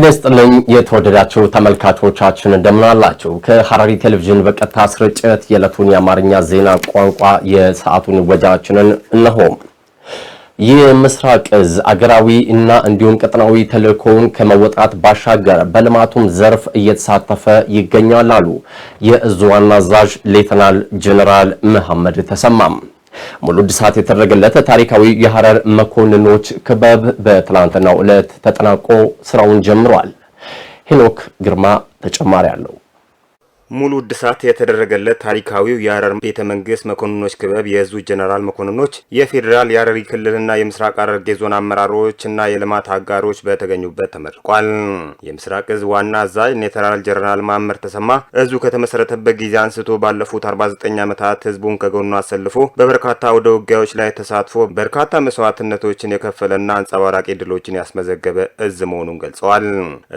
ጤና ይስጥልኝ የተወደዳችሁ ተመልካቾቻችን እንደምናላችሁ። ከሐረሪ ቴሌቪዥን በቀጥታ ስርጭት የዕለቱን የአማርኛ ዜና ቋንቋ የሰዓቱን ወጃችንን እነሆ። የምስራቅ እዝ አገራዊ እና እንዲሁም ቀጠናዊ ተልእኮውን ከመወጣት ባሻገር በልማቱም ዘርፍ እየተሳተፈ ይገኛል አሉ የእዙ ዋና አዛዥ ሌተናል ጀኔራል መሐመድ ተሰማም። ሙሉ እድሳት የተደረገለት ታሪካዊ የሐረር መኮንኖች ክበብ በትላንትናው ዕለት ተጠናቆ ስራውን ጀምሯል። ሄኖክ ግርማ ተጨማሪ አለው። ሙሉ እድሳት የተደረገለት ታሪካዊው የሀረር ቤተ መንግስት መኮንኖች ክበብ የህዝቡ ጀነራል መኮንኖች፣ የፌዴራል የሀረሪ ክልልና የምስራቅ ሐረርጌ ዞን አመራሮች እና የልማት አጋሮች በተገኙበት ተመርቋል። የምስራቅ እዝ ዋና አዛዥ ኔተራል ጀነራል ማመር ተሰማ እዙ ከተመሰረተበት ጊዜ አንስቶ ባለፉት 49 ዓመታት ህዝቡን ከጎኑ አሰልፎ በበርካታ ወደ ውጊያዎች ላይ ተሳትፎ በርካታ መስዋዕትነቶችን የከፈለና አንጸባራቂ ድሎችን ያስመዘገበ እዝ መሆኑን ገልጸዋል።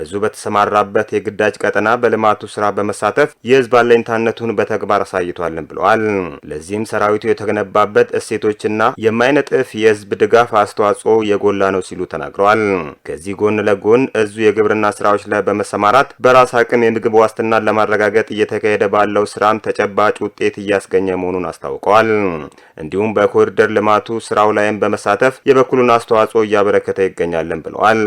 እዙ በተሰማራበት የግዳጅ ቀጠና በልማቱ ስራ በመሳተፍ የህዝብ አለኝታነቱን በተግባር አሳይቷልን ብለዋል። ለዚህም ሰራዊቱ የተገነባበት እሴቶችና የማይነጥፍ የህዝብ ድጋፍ አስተዋጽኦ የጎላ ነው ሲሉ ተናግረዋል። ከዚህ ጎን ለጎን እዙ የግብርና ስራዎች ላይ በመሰማራት በራስ አቅም የምግብ ዋስትናን ለማረጋገጥ እየተካሄደ ባለው ስራም ተጨባጭ ውጤት እያስገኘ መሆኑን አስታውቀዋል። እንዲሁም በኮሪደር ልማቱ ስራው ላይም በመሳተፍ የበኩሉን አስተዋጽኦ እያበረከተ ይገኛለን ብለዋል።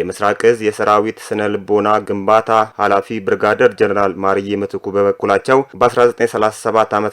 የምስራቅ እዝ የሰራዊት ስነ ልቦና ግንባታ ኃላፊ ብርጋደር ጀነራል ማርዬ ምትኩ ምትኩ በበኩላቸው በ1937 ዓ ም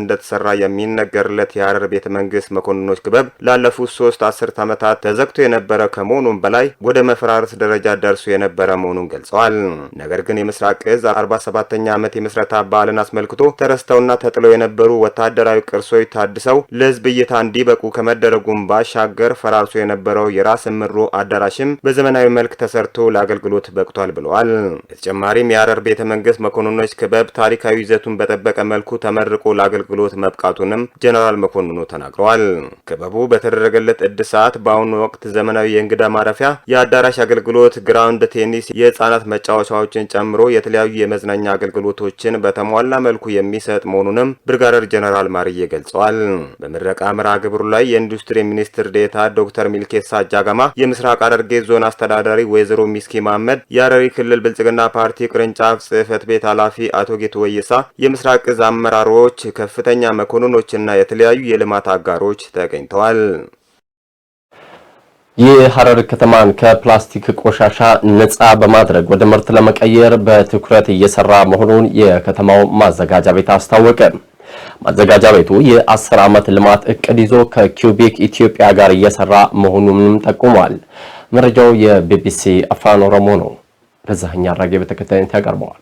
እንደተሰራ የሚነገርለት የሀረር ቤተ መንግስት መኮንኖች ክበብ ላለፉት ሶስት አስርት ዓመታት ተዘግቶ የነበረ ከመሆኑም በላይ ወደ መፈራረስ ደረጃ ደርሶ የነበረ መሆኑን ገልጸዋል። ነገር ግን የምስራቅ እዝ 47ኛ ዓመት የምስረታ በዓልን አስመልክቶ ተረስተውና ተጥለው የነበሩ ወታደራዊ ቅርሶች ታድሰው ለህዝብ እይታ እንዲበቁ ከመደረጉም ባሻገር ፈራርሶ የነበረው የራስ ምሮ አዳራሽም በዘመናዊ መልክ ተሰርቶ ለአገልግሎት በቅቷል ብለዋል። በተጨማሪም የሀረር ቤተ መንግስት መኮንኖች ክበብ በብ ታሪካዊ ይዘቱን በጠበቀ መልኩ ተመርቆ ለአገልግሎት መብቃቱንም ጀነራል መኮንኑ ተናግረዋል። ክበቡ በተደረገለት እድሳት በአሁኑ ወቅት ዘመናዊ የእንግዳ ማረፊያ፣ የአዳራሽ አገልግሎት፣ ግራውንድ ቴኒስ፣ የህጻናት መጫወቻዎችን ጨምሮ የተለያዩ የመዝናኛ አገልግሎቶችን በተሟላ መልኩ የሚሰጥ መሆኑንም ብርጋደር ጀነራል ማርዬ ገልጸዋል። በምረቃ መርሃ ግብሩ ላይ የኢንዱስትሪ ሚኒስትር ዴታ ዶክተር ሚልኬሳ አጃጋማ፣ የምስራቅ ሐረርጌ ዞን አስተዳዳሪ ወይዘሮ ሚስኪ መሐመድ፣ የሐረሪ ክልል ብልጽግና ፓርቲ ቅርንጫፍ ጽህፈት ቤት ኃላፊ አቶ ጌቱ ወይሳ፣ የምስራቅ እዝ አመራሮች፣ ከፍተኛ መኮንኖችና የተለያዩ የልማት አጋሮች ተገኝተዋል። የሐረር ከተማን ከፕላስቲክ ቆሻሻ ነፃ በማድረግ ወደ ምርት ለመቀየር በትኩረት እየሰራ መሆኑን የከተማው ማዘጋጃ ቤት አስታወቀ። ማዘጋጃ ቤቱ የአስር ዓመት ልማት እቅድ ይዞ ከኪዩቢክ ኢትዮጵያ ጋር እየሰራ መሆኑንም ጠቁሟል። መረጃው የቢቢሲ አፋን ኦሮሞ ነው። በዛህኛ አራጌ በተከታይነት ያቀርበዋል።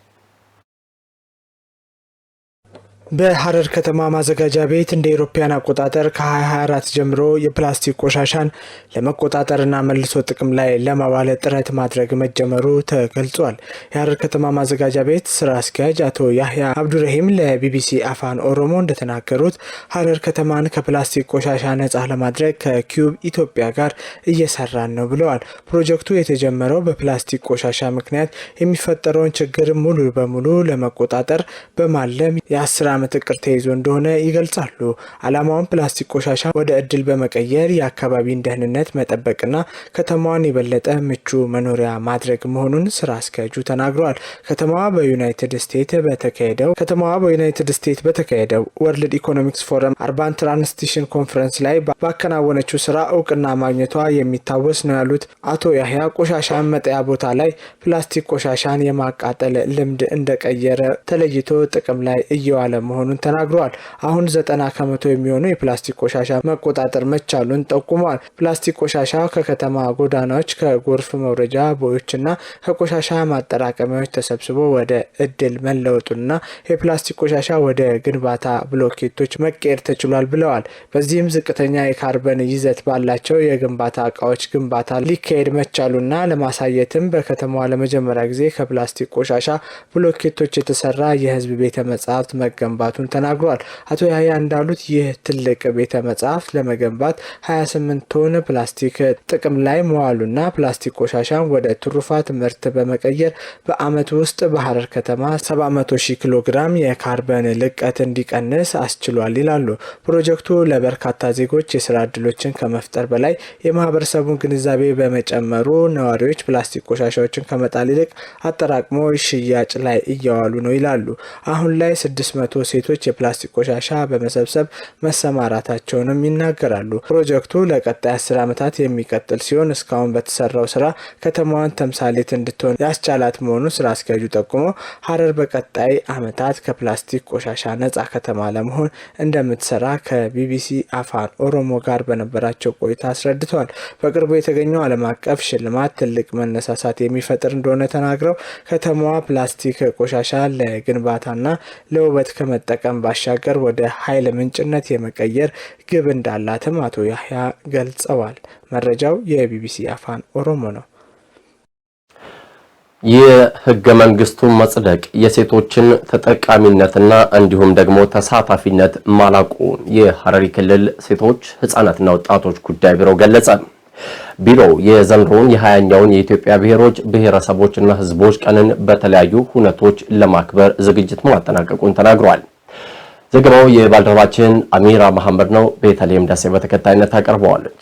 በሐረር ከተማ ማዘጋጃ ቤት እንደ ኢሮፓያን አቆጣጠር ከ2024 ጀምሮ የፕላስቲክ ቆሻሻን ለመቆጣጠርና መልሶ ጥቅም ላይ ለማዋለ ጥረት ማድረግ መጀመሩ ተገልጿል። የሐረር ከተማ ማዘጋጃ ቤት ስራ አስኪያጅ አቶ ያህያ አብዱረሂም ለቢቢሲ አፋን ኦሮሞ እንደተናገሩት ሐረር ከተማን ከፕላስቲክ ቆሻሻ ነጻ ለማድረግ ከኪዩብ ኢትዮጵያ ጋር እየሰራን ነው ብለዋል። ፕሮጀክቱ የተጀመረው በፕላስቲክ ቆሻሻ ምክንያት የሚፈጠረውን ችግር ሙሉ በሙሉ ለመቆጣጠር በማለም የአስራ ዓመት እቅድ ተይዞ እንደሆነ ይገልጻሉ። ዓላማውን ፕላስቲክ ቆሻሻ ወደ እድል በመቀየር የአካባቢን ደህንነት መጠበቅና ከተማዋን የበለጠ ምቹ መኖሪያ ማድረግ መሆኑን ስራ አስኪያጁ ተናግረዋል። ከተማዋ በዩናይትድ ስቴት በተካሄደው ከተማዋ በዩናይትድ ስቴት በተካሄደው ወርልድ ኢኮኖሚክስ ፎረም አርባን ትራንስቲሽን ኮንፈረንስ ላይ ባከናወነችው ስራ እውቅና ማግኘቷ የሚታወስ ነው ያሉት አቶ ያህያ ቆሻሻን መጣያ ቦታ ላይ ፕላስቲክ ቆሻሻን የማቃጠል ልምድ እንደቀየረ ተለይቶ ጥቅም ላይ እየዋለ መሆኑን ተናግረዋል። አሁን ዘጠና ከመቶ የሚሆኑ የፕላስቲክ ቆሻሻ መቆጣጠር መቻሉን ጠቁመዋል። ፕላስቲክ ቆሻሻ ከከተማ ጎዳናዎች፣ ከጎርፍ መውረጃ ቦዮችና ከቆሻሻ ማጠራቀሚያዎች ተሰብስቦ ወደ እድል መለወጡንና የፕላስቲክ ቆሻሻ ወደ ግንባታ ብሎኬቶች መቀየር ተችሏል ብለዋል። በዚህም ዝቅተኛ የካርበን ይዘት ባላቸው የግንባታ እቃዎች ግንባታ ሊካሄድ መቻሉና ለማሳየትም በከተማዋ ለመጀመሪያ ጊዜ ከፕላስቲክ ቆሻሻ ብሎኬቶች የተሰራ የህዝብ ቤተ መጻሕፍት መገንባ መገንባቱን ተናግሯል። አቶ ያህያ እንዳሉት ይህ ትልቅ ቤተ መጽሐፍት ለመገንባት 28 ቶን ፕላስቲክ ጥቅም ላይ መዋሉና ፕላስቲክ ቆሻሻን ወደ ትሩፋት ምርት በመቀየር በዓመት ውስጥ በሐረር ከተማ 700 ሺህ ኪሎ ግራም የካርበን ልቀት እንዲቀንስ አስችሏል ይላሉ። ፕሮጀክቱ ለበርካታ ዜጎች የስራ እድሎችን ከመፍጠር በላይ የማህበረሰቡን ግንዛቤ በመጨመሩ ነዋሪዎች ፕላስቲክ ቆሻሻዎችን ከመጣል ይልቅ አጠራቅሞ ሽያጭ ላይ እያዋሉ ነው ይላሉ። አሁን ላይ 600 ሴቶች የፕላስቲክ ቆሻሻ በመሰብሰብ መሰማራታቸውንም ይናገራሉ። ፕሮጀክቱ ለቀጣይ አስር ዓመታት የሚቀጥል ሲሆን እስካሁን በተሰራው ስራ ከተማዋን ተምሳሌት እንድትሆን ያስቻላት መሆኑን ስራ አስኪያጁ ጠቁሞ ሀረር በቀጣይ ዓመታት ከፕላስቲክ ቆሻሻ ነጻ ከተማ ለመሆን እንደምትሰራ ከቢቢሲ አፋን ኦሮሞ ጋር በነበራቸው ቆይታ አስረድተዋል። በቅርቡ የተገኘው ዓለም አቀፍ ሽልማት ትልቅ መነሳሳት የሚፈጥር እንደሆነ ተናግረው ከተማዋ ፕላስቲክ ቆሻሻ ለግንባታና ለውበት ከመ ከመጠቀም ባሻገር ወደ ኃይል ምንጭነት የመቀየር ግብ እንዳላትም አቶ ያህያ ገልጸዋል። መረጃው የቢቢሲ አፋን ኦሮሞ ነው። የህገ መንግስቱ መጽደቅ የሴቶችን ተጠቃሚነትና እንዲሁም ደግሞ ተሳታፊነት ማላቁን የሐረሪ ክልል ሴቶች ህጻናትና ወጣቶች ጉዳይ ቢሮ ገለጸ። ቢሮው የዘንድሮውን የሀያኛውን የኢትዮጵያ ብሔሮች ብሔረሰቦችና ህዝቦች ቀንን በተለያዩ ሁነቶች ለማክበር ዝግጅት ማጠናቀቁን ተናግሯል። ዘገባው የባልደረባችን አሚራ መሐመድ ነው። ቤተልሔም ደሴ በተከታይነት ታቀርበዋለች።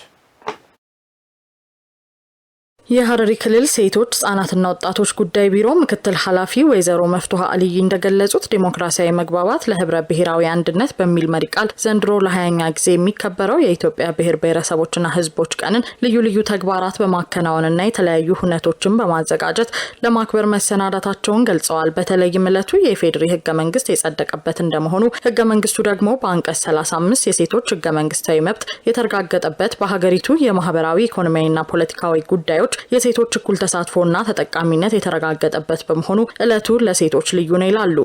የሀረሪ ክልል ሴቶች ህጻናትና ወጣቶች ጉዳይ ቢሮ ምክትል ኃላፊ ወይዘሮ መፍትሀ አልይ እንደገለጹት ዴሞክራሲያዊ መግባባት ለህብረ ብሔራዊ አንድነት በሚል መሪ ቃል ዘንድሮ ለሀያኛ ጊዜ የሚከበረው የኢትዮጵያ ብሔር ብሔረሰቦችና ህዝቦች ቀንን ልዩ ልዩ ተግባራት በማከናወንና የተለያዩ ሁነቶችን በማዘጋጀት ለማክበር መሰናዳታቸውን ገልጸዋል። በተለይም ዕለቱ የኢፌዴሪ ህገ መንግስት የጸደቀበት እንደመሆኑ ህገ መንግስቱ ደግሞ በአንቀጽ 35 የሴቶች ህገ መንግስታዊ መብት የተረጋገጠበት በሀገሪቱ የማህበራዊ ኢኮኖሚያዊና ፖለቲካዊ ጉዳዮች የሴቶች እኩል ተሳትፎና ተጠቃሚነት የተረጋገጠበት በመሆኑ እለቱ ለሴቶች ልዩ ነው ይላሉ።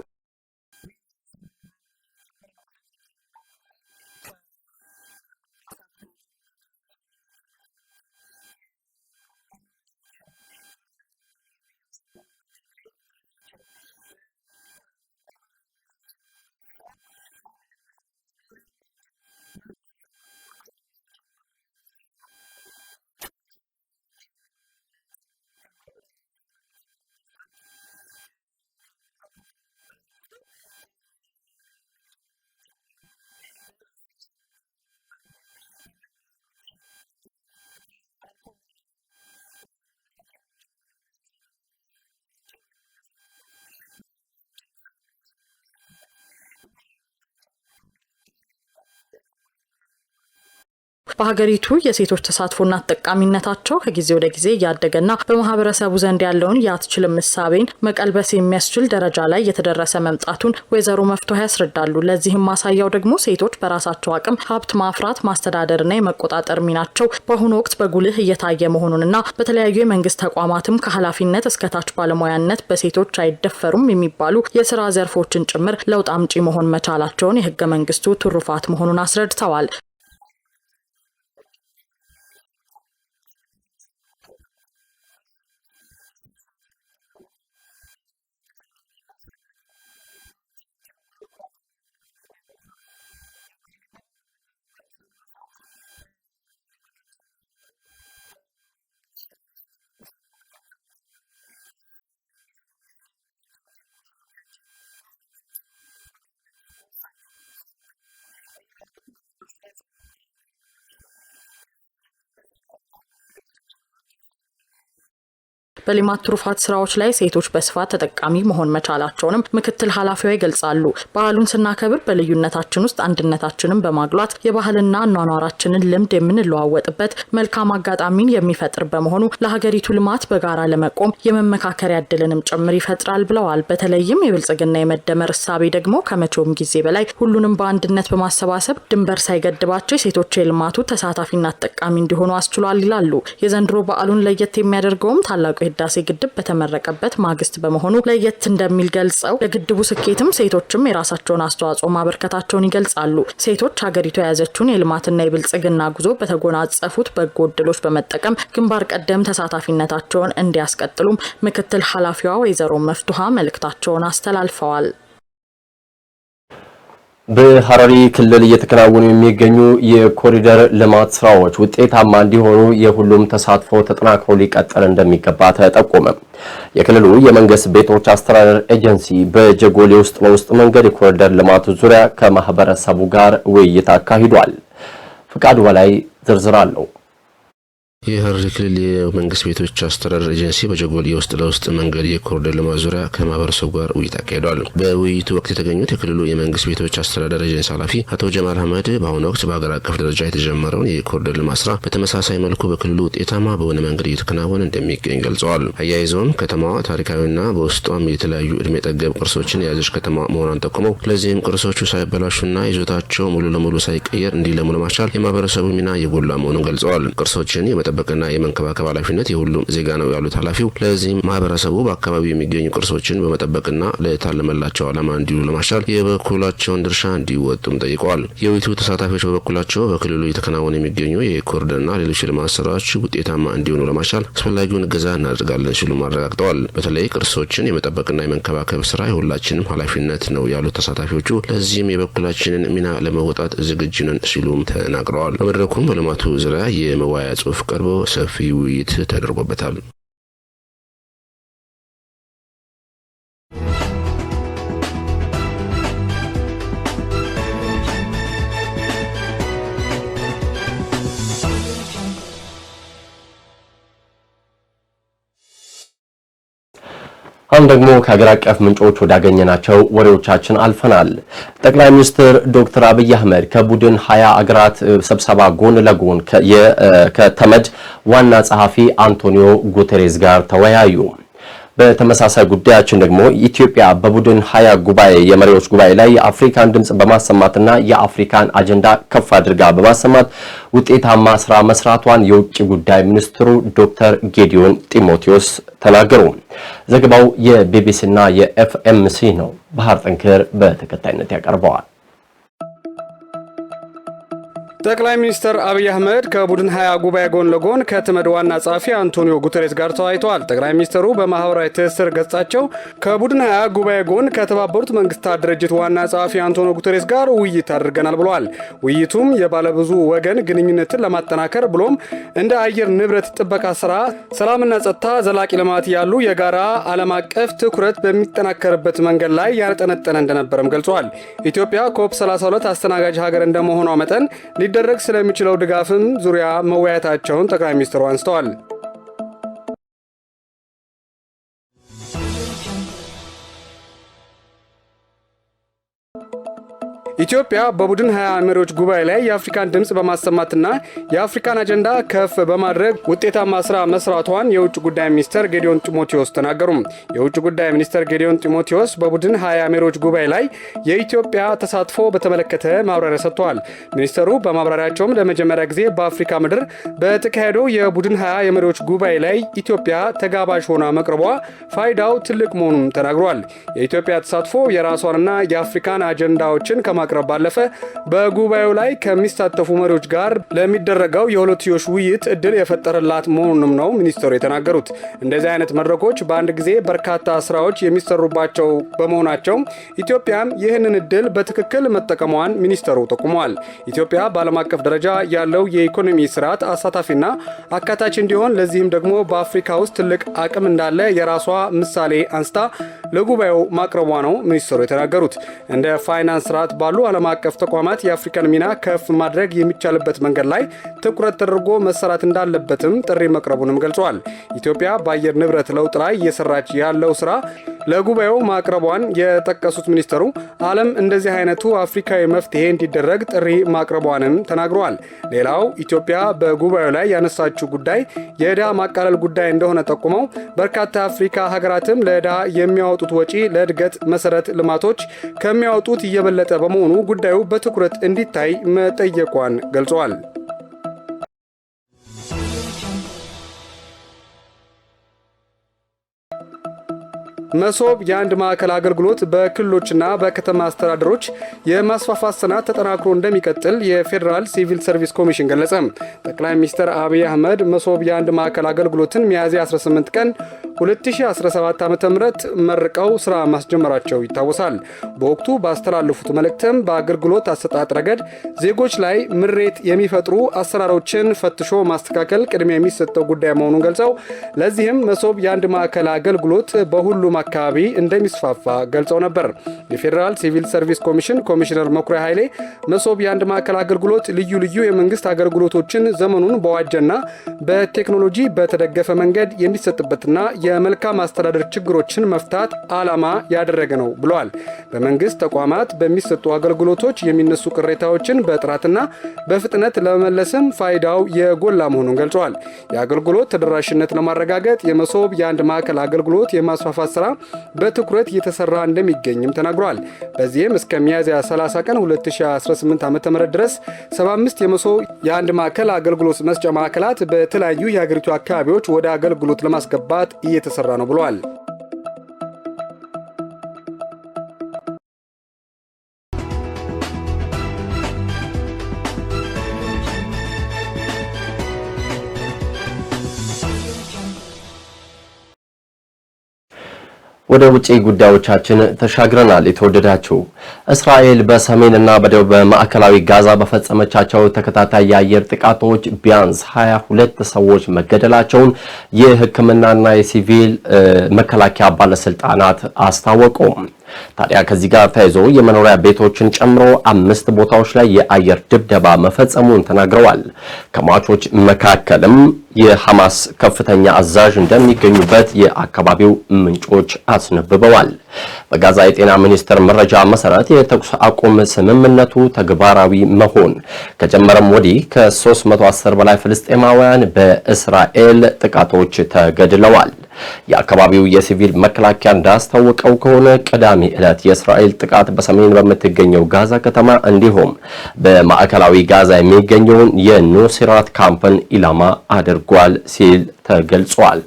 በሀገሪቱ የሴቶች ተሳትፎና ተጠቃሚነታቸው ከጊዜ ወደ ጊዜ እያደገና በማህበረሰቡ ዘንድ ያለውን የአትችልም እሳቤን መቀልበስ የሚያስችል ደረጃ ላይ የተደረሰ መምጣቱን ወይዘሮ መፍትሄ ያስረዳሉ። ለዚህም ማሳያው ደግሞ ሴቶች በራሳቸው አቅም ሀብት ማፍራት ማስተዳደርና የመቆጣጠር ሚናቸው በአሁኑ ወቅት በጉልህ እየታየ መሆኑንና በተለያዩ የመንግስት ተቋማትም ከኃላፊነት እስከታች ባለሙያነት በሴቶች አይደፈሩም የሚባሉ የስራ ዘርፎችን ጭምር ለውጥ አምጪ መሆን መቻላቸውን የህገ መንግስቱ ትሩፋት መሆኑን አስረድተዋል። በሌማት ትሩፋት ስራዎች ላይ ሴቶች በስፋት ተጠቃሚ መሆን መቻላቸውንም ምክትል ኃላፊዋ ይገልጻሉ። ባህሉን ስናከብር በልዩነታችን ውስጥ አንድነታችንን በማጉላት የባህልና አኗኗራችንን ልምድ የምንለዋወጥበት መልካም አጋጣሚን የሚፈጥር በመሆኑ ለሀገሪቱ ልማት በጋራ ለመቆም የመመካከሪያ እድልንም ጭምር ይፈጥራል ብለዋል። በተለይም የብልጽግና የመደመር እሳቤ ደግሞ ከመቼውም ጊዜ በላይ ሁሉንም በአንድነት በማሰባሰብ ድንበር ሳይገድባቸው የሴቶች የልማቱ ተሳታፊና ተጠቃሚ እንዲሆኑ አስችሏል ይላሉ። የዘንድሮ በዓሉን ለየት የሚያደርገውም ታላቁ ህዳሴ ግድብ በተመረቀበት ማግስት በመሆኑ ለየት እንደሚል ገልጸው ለግድቡ ስኬትም ሴቶችም የራሳቸውን አስተዋጽኦ ማበርከታቸውን ይገልጻሉ። ሴቶች ሀገሪቱ የያዘችውን የልማትና የብልጽግና ጉዞ በተጎናጸፉት በጎ እድሎች በመጠቀም ግንባር ቀደም ተሳታፊነታቸውን እንዲያስቀጥሉም ምክትል ኃላፊዋ ወይዘሮ መፍቱሃ መልእክታቸውን አስተላልፈዋል። በሐረሪ ክልል እየተከናወኑ የሚገኙ የኮሪደር ልማት ስራዎች ውጤታማ እንዲሆኑ የሁሉም ተሳትፎ ተጠናክሮ ሊቀጥል እንደሚገባ ተጠቆመ። የክልሉ የመንግስት ቤቶች አስተዳደር ኤጀንሲ በጀጎሌ ውስጥ ለውስጥ መንገድ የኮሪደር ልማት ዙሪያ ከማህበረሰቡ ጋር ውይይት አካሂዷል። ፍቃድ በላይ ዝርዝር አለው። የሀረሪ ክልል የመንግስት ቤቶች አስተዳደር ኤጀንሲ በጀጎል የውስጥ ለውስጥ መንገድ የኮሪደር ልማት ዙሪያ ከማህበረሰቡ ጋር ውይይት አካሂደዋል። በውይይቱ ወቅት የተገኙት የክልሉ የመንግስት ቤቶች አስተዳደር ኤጀንሲ ኃላፊ አቶ ጀማል አህመድ በአሁኑ ወቅት በሀገር አቀፍ ደረጃ የተጀመረውን የኮሪደር ልማት ስራ በተመሳሳይ መልኩ በክልሉ ውጤታማ በሆነ መንገድ እየተከናወነ እንደሚገኝ ገልጸዋል። አያይዘውም ከተማዋ ታሪካዊና በውስጧም የተለያዩ እድሜ ጠገብ ቅርሶችን የያዘች ከተማ መሆኗን ጠቁመው ለዚህም ቅርሶቹ ሳይበላሹና ይዞታቸው ሙሉ ለሙሉ ሳይቀየር እንዲለሙ ለማስቻል የማህበረሰቡ ሚና የጎላ መሆኑን ገልጸዋል። ቅርሶችን የመጠ የመጠበቅና የመንከባከብ ኃላፊነት የሁሉም ዜጋ ነው ያሉት ኃላፊው ለዚህም ማህበረሰቡ በአካባቢው የሚገኙ ቅርሶችን በመጠበቅና ለታለመላቸው ዓላማ እንዲሉ ለማስቻል የበኩላቸውን ድርሻ እንዲወጡም ጠይቀዋል። የውይይቱ ተሳታፊዎች በበኩላቸው በክልሉ እየተከናወኑ የሚገኙ የኮሪደርና ሌሎች የልማት ስራዎች ውጤታማ እንዲሆኑ ለማስቻል አስፈላጊውን እገዛ እናደርጋለን ሲሉም አረጋግጠዋል። በተለይ ቅርሶችን የመጠበቅና የመንከባከብ ስራ የሁላችንም ኃላፊነት ነው ያሉት ተሳታፊዎቹ ለዚህም የበኩላችንን ሚና ለመወጣት ዝግጁ ነን ሲሉም ተናግረዋል። በመድረኩም በልማቱ ዙሪያ የመወያያ ጽሁፍ ቀር ቀርቦ ሰፊ ውይይት ተደርጎበታል። አሁን ደግሞ ከሀገር አቀፍ ምንጮች ወዳገኘናቸው ወሬዎቻችን አልፈናል። ጠቅላይ ሚኒስትር ዶክተር አብይ አህመድ ከቡድን ሀያ አገራት ስብሰባ ጎን ለጎን ከተመድ ዋና ጸሐፊ አንቶኒዮ ጉተሬዝ ጋር ተወያዩ። በተመሳሳይ ጉዳያችን ደግሞ ኢትዮጵያ በቡድን ሀያ ጉባኤ የመሪዎች ጉባኤ ላይ የአፍሪካን ድምፅ በማሰማትና የአፍሪካን አጀንዳ ከፍ አድርጋ በማሰማት ውጤታማ ስራ መስራቷን የውጭ ጉዳይ ሚኒስትሩ ዶክተር ጌዲዮን ጢሞቴዎስ ተናገሩ። ዘገባው የቢቢሲና የኤፍኤምሲ ነው። ባህር ጠንክር በተከታይነት ያቀርበዋል። ጠቅላይ ሚኒስትር አብይ አህመድ ከቡድን ሀያ ጉባኤ ጎን ለጎን ከትመድ ዋና ጸሐፊ አንቶኒዮ ጉተሬስ ጋር ተወያይተዋል። ጠቅላይ ሚኒስትሩ በማህበራዊ ትስስር ገጻቸው ከቡድን ሀያ ጉባኤ ጎን ከተባበሩት መንግስታት ድርጅት ዋና ጸሐፊ አንቶኒዮ ጉተሬስ ጋር ውይይት አድርገናል ብለዋል። ውይይቱም የባለብዙ ወገን ግንኙነትን ለማጠናከር ብሎም እንደ አየር ንብረት ጥበቃ ስራ፣ ሰላምና ጸጥታ፣ ዘላቂ ልማት ያሉ የጋራ ዓለም አቀፍ ትኩረት በሚጠናከርበት መንገድ ላይ ያጠነጠነ እንደነበረም ገልጿል። ኢትዮጵያ ኮፕ 32 አስተናጋጅ ሀገር እንደመሆኗ መጠን ሊደረግ ስለሚችለው ድጋፍም ዙሪያ መወያየታቸውን ጠቅላይ ሚኒስትሩ አንስተዋል። ኢትዮጵያ በቡድን ሀያ መሪዎች ጉባኤ ላይ የአፍሪካን ድምፅ በማሰማትና የአፍሪካን አጀንዳ ከፍ በማድረግ ውጤታማ ስራ መስራቷን የውጭ ጉዳይ ሚኒስተር ጌዲዮን ጢሞቴዎስ ተናገሩ። የውጭ ጉዳይ ሚኒስተር ጌዲዮን ጢሞቴዎስ በቡድን ሀያ መሪዎች ጉባኤ ላይ የኢትዮጵያ ተሳትፎ በተመለከተ ማብራሪያ ሰጥተዋል። ሚኒስተሩ በማብራሪያቸውም ለመጀመሪያ ጊዜ በአፍሪካ ምድር በተካሄደው የቡድን ሀያ የመሪዎች ጉባኤ ላይ ኢትዮጵያ ተጋባዥ ሆና መቅረቧ ፋይዳው ትልቅ መሆኑን ተናግሯል። የኢትዮጵያ ተሳትፎ የራሷንና የአፍሪካን አጀንዳዎችን ከማቅረብ ከማቅረብ ባለፈ በጉባኤው ላይ ከሚሳተፉ መሪዎች ጋር ለሚደረገው የሁለትዮሽ ውይይት እድል የፈጠረላት መሆኑንም ነው ሚኒስትሩ የተናገሩት። እንደዚህ አይነት መድረኮች በአንድ ጊዜ በርካታ ስራዎች የሚሰሩባቸው በመሆናቸው ኢትዮጵያም ይህንን እድል በትክክል መጠቀሟን ሚኒስተሩ ጠቁመዋል። ኢትዮጵያ በዓለም አቀፍ ደረጃ ያለው የኢኮኖሚ ስርዓት አሳታፊና አካታች እንዲሆን ለዚህም ደግሞ በአፍሪካ ውስጥ ትልቅ አቅም እንዳለ የራሷ ምሳሌ አንስታ ለጉባኤው ማቅረቧ ነው ሚኒስትሩ የተናገሩት። እንደ ፋይናንስ ስርዓት ባሉ ባሉ ዓለም አቀፍ ተቋማት የአፍሪካን ሚና ከፍ ማድረግ የሚቻልበት መንገድ ላይ ትኩረት ተደርጎ መሰራት እንዳለበትም ጥሪ መቅረቡንም ገልጿል። ኢትዮጵያ በአየር ንብረት ለውጥ ላይ እየሰራች ያለው ስራ ለጉባኤው ማቅረቧን የጠቀሱት ሚኒስተሩ ዓለም እንደዚህ አይነቱ አፍሪካዊ መፍትሄ እንዲደረግ ጥሪ ማቅረቧንም ተናግረዋል። ሌላው ኢትዮጵያ በጉባኤው ላይ ያነሳችው ጉዳይ የዕዳ ማቃለል ጉዳይ እንደሆነ ጠቁመው በርካታ አፍሪካ ሀገራትም ለዕዳ የሚያወጡት ወጪ ለእድገት መሰረት ልማቶች ከሚያወጡት እየበለጠ በመሆኑ ጉዳዩ በትኩረት እንዲታይ መጠየቋን ገልጸዋል። መሶብ የአንድ ማዕከል አገልግሎት በክልሎችና በከተማ አስተዳደሮች የማስፋፋት ስናት ተጠናክሮ እንደሚቀጥል የፌዴራል ሲቪል ሰርቪስ ኮሚሽን ገለጸ። ጠቅላይ ሚኒስትር አብይ አህመድ መሶብ የአንድ ማዕከል አገልግሎትን ሚያዝያ 18 ቀን 2017 ዓ ም መርቀው ስራ ማስጀመራቸው ይታወሳል። በወቅቱ ባስተላለፉት መልእክትም በአገልግሎት አሰጣጥ ረገድ ዜጎች ላይ ምሬት የሚፈጥሩ አሰራሮችን ፈትሾ ማስተካከል ቅድሚያ የሚሰጠው ጉዳይ መሆኑን ገልጸው ለዚህም መሶብ የአንድ ማዕከል አገልግሎት በሁሉም አካባቢ እንደሚስፋፋ ገልጸው ነበር። የፌዴራል ሲቪል ሰርቪስ ኮሚሽን ኮሚሽነር መኩሪያ ኃይሌ መሶብ የአንድ ማዕከል አገልግሎት ልዩ ልዩ የመንግስት አገልግሎቶችን ዘመኑን በዋጀና በቴክኖሎጂ በተደገፈ መንገድ የሚሰጥበትና የመልካም አስተዳደር ችግሮችን መፍታት ዓላማ ያደረገ ነው ብለዋል። በመንግስት ተቋማት በሚሰጡ አገልግሎቶች የሚነሱ ቅሬታዎችን በጥራትና በፍጥነት ለመመለስም ፋይዳው የጎላ መሆኑን ገልጸዋል። የአገልግሎት ተደራሽነት ለማረጋገጥ የመሶብ የአንድ ማዕከል አገልግሎት የማስፋፋት ስራ በትኩረት እየተሰራ እንደሚገኝም ተናግረዋል። በዚህም እስከ ሚያዝያ 30 ቀን 2018 ዓ ም ድረስ 75 የመሶብ የአንድ ማዕከል አገልግሎት መስጫ ማዕከላት በተለያዩ የሀገሪቱ አካባቢዎች ወደ አገልግሎት ለማስገባት እየተሰራ ነው ብለዋል። ወደ ውጪ ጉዳዮቻችን ተሻግረናል። የተወደዳችሁ እስራኤል በሰሜንና በደቡብ በማዕከላዊ ጋዛ በፈጸመቻቸው ተከታታይ የአየር ጥቃቶች ቢያንስ 22 ሰዎች መገደላቸውን የሕክምናና የሲቪል መከላከያ ባለስልጣናት አስታወቁ። ታዲያ ከዚህ ጋር ተያይዞ የመኖሪያ ቤቶችን ጨምሮ አምስት ቦታዎች ላይ የአየር ድብደባ መፈጸሙን ተናግረዋል። ከሟቾች መካከልም የሐማስ ከፍተኛ አዛዥ እንደሚገኙበት የአካባቢው ምንጮች አስነብበዋል። በጋዛ የጤና ሚኒስቴር መረጃ መሰረት የተኩስ አቁም ስምምነቱ ተግባራዊ መሆን ከጀመረም ወዲህ ከ310 በላይ ፍልስጤማውያን በእስራኤል ጥቃቶች ተገድለዋል። የአካባቢው የሲቪል መከላከያ እንዳስታወቀው ከሆነ ቅዳሜ ዕለት የእስራኤል ጥቃት በሰሜን በምትገኘው ጋዛ ከተማ እንዲሁም በማዕከላዊ ጋዛ የሚገኘውን የኑሲራት ካምፕን ኢላማ አድርጓል ሲል ተገልጿል።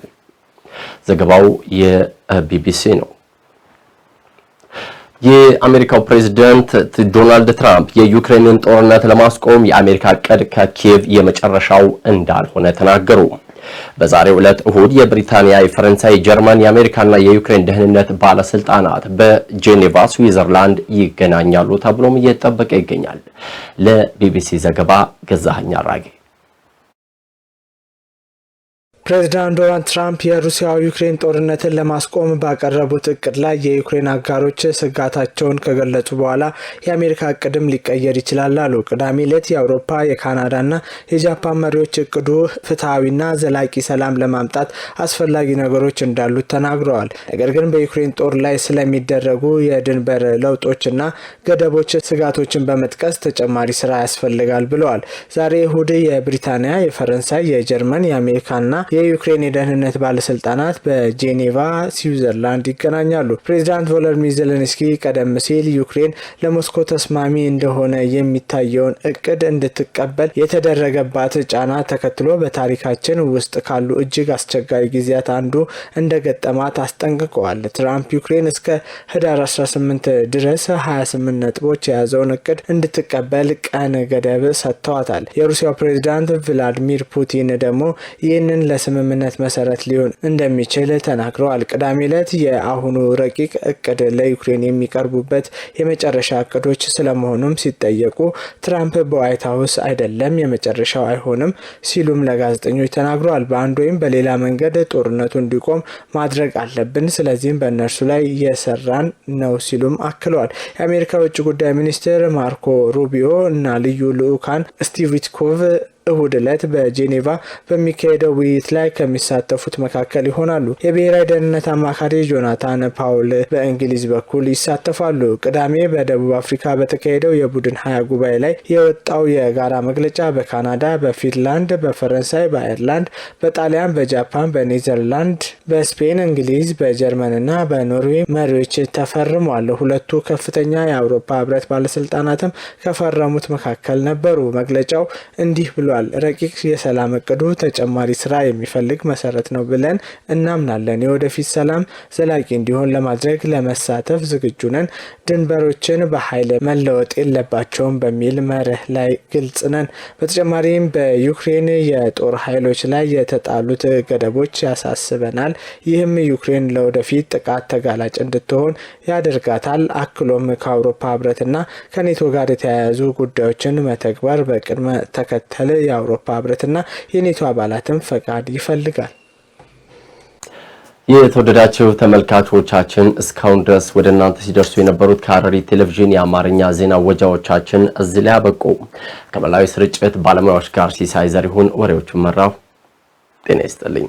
ዘገባው የቢቢሲ ነው። የአሜሪካው ፕሬዝዳንት ዶናልድ ትራምፕ የዩክሬንን ጦርነት ለማስቆም የአሜሪካ ቀድ ከኪየቭ የመጨረሻው እንዳልሆነ ተናገሩ። በዛሬው ዕለት እሁድ የብሪታንያ፣ የፈረንሳይ፣ ጀርመን፣ የአሜሪካና የዩክሬን ደህንነት ባለስልጣናት በጄኔቫ ስዊዘርላንድ ይገናኛሉ ተብሎም እየተጠበቀ ይገኛል። ለቢቢሲ ዘገባ ገዛኸኝ አራጌ ፕሬዚዳንት ዶናልድ ትራምፕ የሩሲያዊ ዩክሬን ጦርነትን ለማስቆም ባቀረቡት እቅድ ላይ የዩክሬን አጋሮች ስጋታቸውን ከገለጹ በኋላ የአሜሪካ እቅድም ሊቀየር ይችላል አሉ። ቅዳሜ ዕለት የአውሮፓ የካናዳና የጃፓን መሪዎች እቅዱ ፍትሐዊና ዘላቂ ሰላም ለማምጣት አስፈላጊ ነገሮች እንዳሉት ተናግረዋል። ነገር ግን በዩክሬን ጦር ላይ ስለሚደረጉ የድንበር ለውጦችና ገደቦች ስጋቶችን በመጥቀስ ተጨማሪ ስራ ያስፈልጋል ብለዋል። ዛሬ እሁድ የብሪታንያ፣ የፈረንሳይ፣ የጀርመን፣ የአሜሪካና የዩክሬን የደህንነት ባለስልጣናት በጄኔቫ ስዊዘርላንድ ይገናኛሉ። ፕሬዚዳንት ቮሎዲሚር ዜሌንስኪ ቀደም ሲል ዩክሬን ለሞስኮ ተስማሚ እንደሆነ የሚታየውን እቅድ እንድትቀበል የተደረገባት ጫና ተከትሎ በታሪካችን ውስጥ ካሉ እጅግ አስቸጋሪ ጊዜያት አንዱ እንደገጠማት አስጠንቅቀዋል። ትራምፕ ዩክሬን እስከ ህዳር 18 ድረስ 28 ነጥቦች የያዘውን እቅድ እንድትቀበል ቀን ገደብ ሰጥተዋታል። የሩሲያው ፕሬዚዳንት ቭላዲሚር ፑቲን ደግሞ ይህንን ለ ስምምነት መሰረት ሊሆን እንደሚችል ተናግረዋል። ቅዳሜ ዕለት የአሁኑ ረቂቅ እቅድ ለዩክሬን የሚቀርቡበት የመጨረሻ እቅዶች ስለመሆኑም ሲጠየቁ ትራምፕ በዋይት ሀውስ አይደለም የመጨረሻው አይሆንም ሲሉም ለጋዜጠኞች ተናግረዋል። በአንድ ወይም በሌላ መንገድ ጦርነቱ እንዲቆም ማድረግ አለብን፣ ስለዚህም በእነርሱ ላይ የሰራን ነው ሲሉም አክለዋል። የአሜሪካ ውጭ ጉዳይ ሚኒስትር ማርኮ ሩቢዮ እና ልዩ ልዑካን ስቲቭ ዊትኮቭ እሁድ ዕለት በጄኔቫ በሚካሄደው ውይይት ላይ ከሚሳተፉት መካከል ይሆናሉ። የብሔራዊ ደህንነት አማካሪ ጆናታን ፓውል በእንግሊዝ በኩል ይሳተፋሉ። ቅዳሜ በደቡብ አፍሪካ በተካሄደው የቡድን ሀያ ጉባኤ ላይ የወጣው የጋራ መግለጫ በካናዳ፣ በፊንላንድ፣ በፈረንሳይ፣ በአየርላንድ፣ በጣሊያን፣ በጃፓን፣ በኔዘርላንድ፣ በስፔን፣ እንግሊዝ፣ እና በኖርዌይ መሪዎች ተፈርሟል። ሁለቱ ከፍተኛ የአውሮፓ ህብረት ባለስልጣናትም ከፈረሙት መካከል ነበሩ። መግለጫው እንዲህ ብሏል። ብሏል። ረቂቅ የሰላም እቅዱ ተጨማሪ ስራ የሚፈልግ መሰረት ነው ብለን እናምናለን። የወደፊት ሰላም ዘላቂ እንዲሆን ለማድረግ ለመሳተፍ ዝግጁ ነን። ድንበሮችን በኃይል መለወጥ የለባቸውም በሚል መርህ ላይ ግልጽ ነን። በተጨማሪም በዩክሬን የጦር ኃይሎች ላይ የተጣሉት ገደቦች ያሳስበናል። ይህም ዩክሬን ለወደፊት ጥቃት ተጋላጭ እንድትሆን ያደርጋታል። አክሎም ከአውሮፓ ህብረትና ከኔቶ ጋር የተያያዙ ጉዳዮችን መተግበር በቅድመ ተከተል የአውሮፓ ህብረትና የኔቶ አባላትን ፈቃድ ይፈልጋል። የተወደዳቸው ተመልካቾቻችን እስካሁን ድረስ ወደ እናንተ ሲደርሱ የነበሩት ከሐረሪ ቴሌቪዥን የአማርኛ ዜና ወጃዎቻችን እዚህ ላይ አበቁ። ከመላዊ ስርጭት ባለሙያዎች ጋር ሲሳይ ዘሪሁን ወሬዎቹን መራው። ጤና ይስጥልኝ።